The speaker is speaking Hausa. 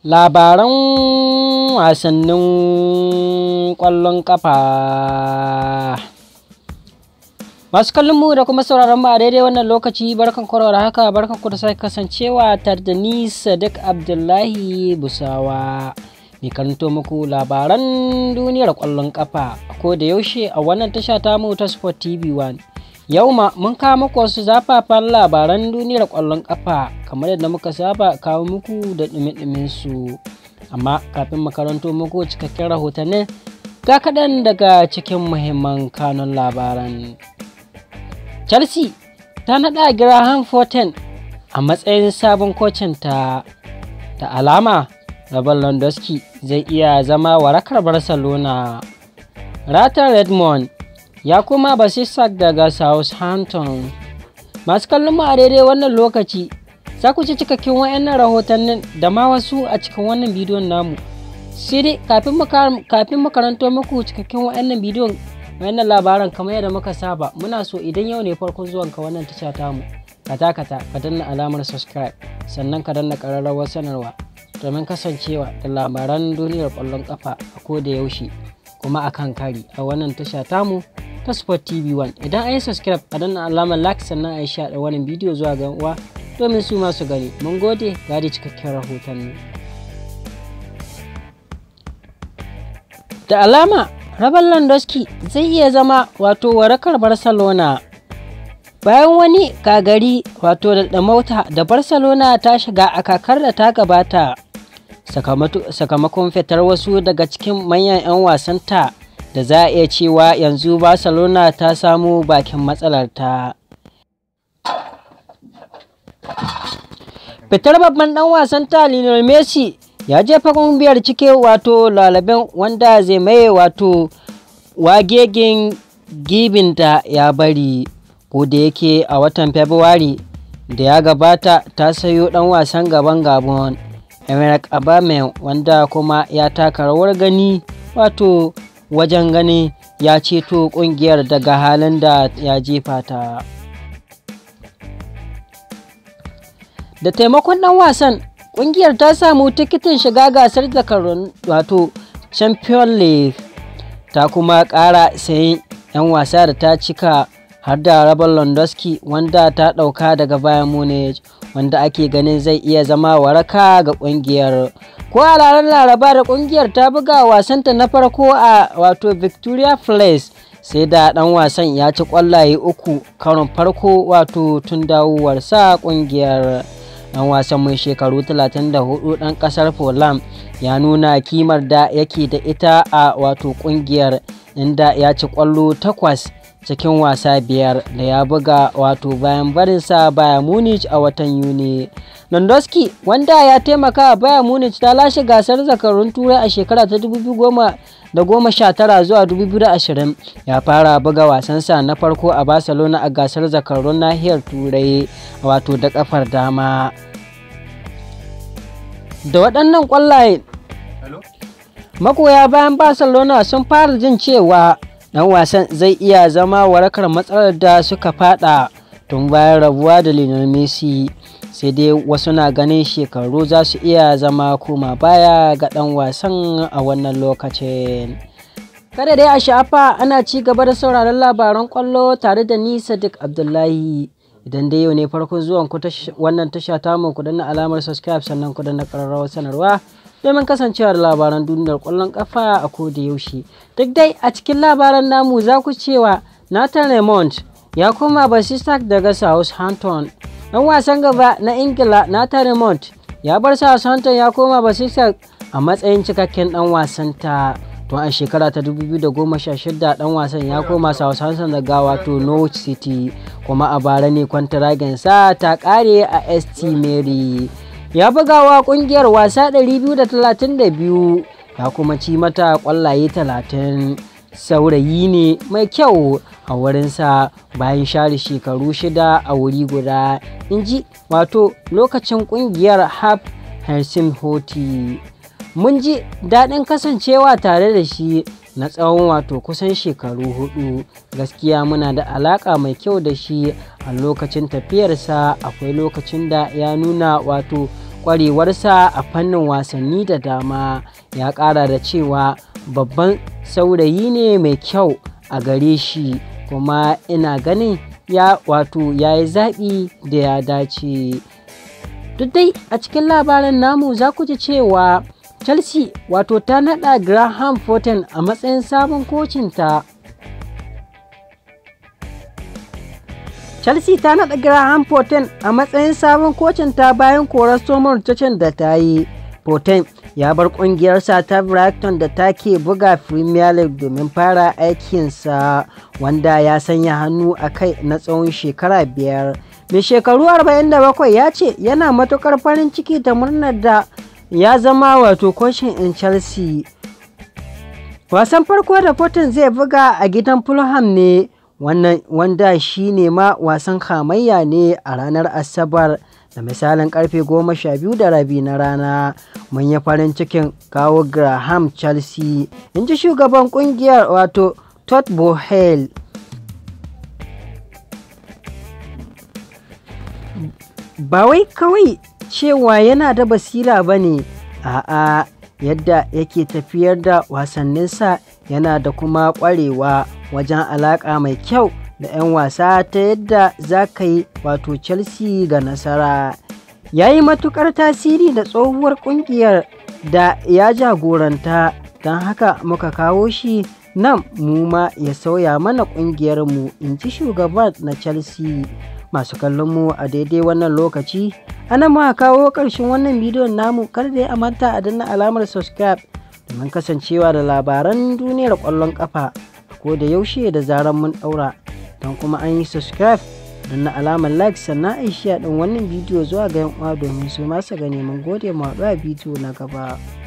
labaran wasannin ƙwallon ƙafa masu kallon mu da kuma sauraron mu a daidai wannan lokaci barkan da haka barkan ku da kasancewa tare da ni sadiq abdullahi busawa mai karanto muku labaran duniyar ƙwallon ƙafa ko da yaushe a wannan tasha tamu ta sport tv 1 Yau ma mun kawo muku wasu zafafan labaran duniyar ƙwallon ƙafa kamar yadda muka saba kawo muku da ɗumi su. Amma kafin makaranto muku cikakken rahotannin ga kaɗan daga cikin muhimman kanun labaran. Chelsea ta naɗa Graham Fortin a matsayin sabon kocin ta, ta alama rabon Lewandowski zai iya zama warakar Barcelona. Rata Redmond ya kuma Basisak daga Southampton. Masu kallon mu a daidai wannan lokaci, za ku ci cikakkin wayannan rahotannin da ma wasu a cikin wannan bidiyon namu. Sai dai kafin mu karanto muku cikakkin wayannan bidiyon wayannan labaran kamar yadda muka saba muna so idan yau ne farkon zuwanka wannan tasha mu, Kata kata ka danna alamar subscribe sannan ka danna ƙararrawar sanarwa domin kasancewa da labaran duniyar ƙwallon ƙafa a da yaushe kuma akan kan kari a wannan tasha tamu ta Sport TV 1 idan an yi subscribe a danna alamar like sannan a yi share wannan bidiyo zuwa ga uwa domin su masu gani. Mun gode ga da cikakken rahoton Da alama Raban Landowski zai iya zama wato warakar Barcelona. Bayan wani gagari wato da mota da Barcelona ta shiga a kakar da ta gabata. sakamakon fitar wasu daga cikin manyan 'yan wasanta da za a iya cewa yanzu barcelona ta samu bakin matsalarta fitar babban dan wasan ta lionel messi ya jefa kungiyar cike wato lalaben wanda zai maye wato wagegen gibinta ya bari ko da yake a watan february da ya gabata ta sayo dan wasan gaban gabon emirates abamen wanda kuma ya taka rawar gani wato wajen ganin ya ceto ƙungiyar daga halin da ya jefa ta. Da taimakon ɗan wasan, ƙungiyar ta samu tikitin shiga gasar zakarun wato Champion League ta kuma ƙara sayin 'yan wasa da ta cika har da rabon Londoski wanda ta ɗauka daga bayan Munich wanda ake ganin zai iya zama waraka ga ƙungiyar. ko a ranar laraba da kungiyar ta buga wasanta na farko a wato victoria place sai da dan wasan ya ci kwallaye uku karon farko wato tun dawowarsa kungiyar dan wasan mai shekaru 34 dan kasar poland ya nuna kimar da yake da ita a wato kungiyar inda ya ci kwallo takwas cikin wasa biyar da ya buga wato bayan barinsa bayan munich a watan yuni Nandoski wanda ya taimaka a Bayern Munich ta lashe gasar zakarun Turai a shekara ta 2019 zuwa 2020 ya fara buga wasansa na farko a Barcelona a gasar zakarun nahiyar Turai wato da kafar dama. Da waɗannan ƙwallaye makoya bayan Barcelona sun fara jin cewa ɗan wasan zai iya zama warakar matsalar da suka fada tun bayan rabuwa da Lionel Messi. sai dai wasu na ganin shekaru za su iya zama kuma baya ga ɗan wasan a wannan lokacin kada dai a sha'afa ana ci gaba da sauraron labaran kwallo tare da ni sadiq abdullahi idan dai yau ne farkon zuwan ku wannan tasha mu ku danna alamar subscribe sannan ku danna ƙararrawar sanarwa domin kasancewar labaran duniyar kwallon kafa a koda yaushe duk dai a cikin labaran namu za ku cewa nathan raymond ya koma basistak daga southampton Ɗan wasan gaba na Ingila na Mount ya bar Southampton ya koma Basisa a matsayin cikakken ɗan wasan ta. To a shekara ta 2016 ɗan wasan ya koma Southampton daga wato Norwich City kuma a bara ne sa ta ƙare a ST Mary. Ya bugawa ƙungiyar wasa 232 ya kuma ci mata ƙwallaye 30. saurayi ne mai kyau a wurinsa bayan share shekaru shida a wuri guda in ji wato lokacin kungiyar hap hansim hoti mun ji daɗin kasancewa tare da shi na tsawon wato kusan shekaru hudu gaskiya muna da alaƙa mai kyau da shi a lokacin tafiyarsa akwai lokacin da ya nuna wato kwarewarsa a fannin wasanni da dama ya ƙara da cewa babban saurayi ne mai kyau a gare shi kuma ina ganin ya wato ya yi zaɓi da ya dace duk dai a cikin labaran namu za ku ji cewa chelsea wato ta naɗa graham Fortin a matsayin sabon kocinta chelsea ta naɗa graham foten a matsayin sabon kocinta bayan korar somar da ta yi 2014 ya bar ƙungiyarsa ta Brighton da take buga Premier League domin fara aikinsa wanda ya sanya hannu a kai na tsawon shekara biyar. Mai shekaru 47 ya ce yana matukar farin ciki ta murnar da ya zama wato koshin in Chelsea. Wasan farko da Fortin zai buga a gidan Fulham ne wanda shi ne ma wasan hamayya ne a ranar Asabar. da misalin karfe goma sha biyu da rabi na rana mun yi farin cikin kawo graham chelsea in ji shugaban kungiyar wato todd bohel ba wai kawai cewa yana da basira ba ne a'a yadda yake tafiyar da wasanninsa yana da kuma kwarewa wajen alaƙa mai kyau da 'yan wasa ta yadda za ka yi wato chelsea ga nasara ya yi matukar tasiri da tsohuwar kungiyar da ya jagoranta don haka muka kawo shi nan mu ma ya sauya mana kungiyarmu in ci shugaban na chelsea masu kallon mu a daidai wannan lokaci ana ma kawo ƙarshen wannan bidiyon namu kar da ya manta a danna alamar subscribe domin kasancewa da labaran duniyar ƙwallon ƙafa ko da yaushe da zaran mun daura. don kuma an yi subscribe don na alamar like sannan a yi wannan bidiyo zuwa ga yan uwa domin su masa gane mun gode mu haɗu a bidiyo na gaba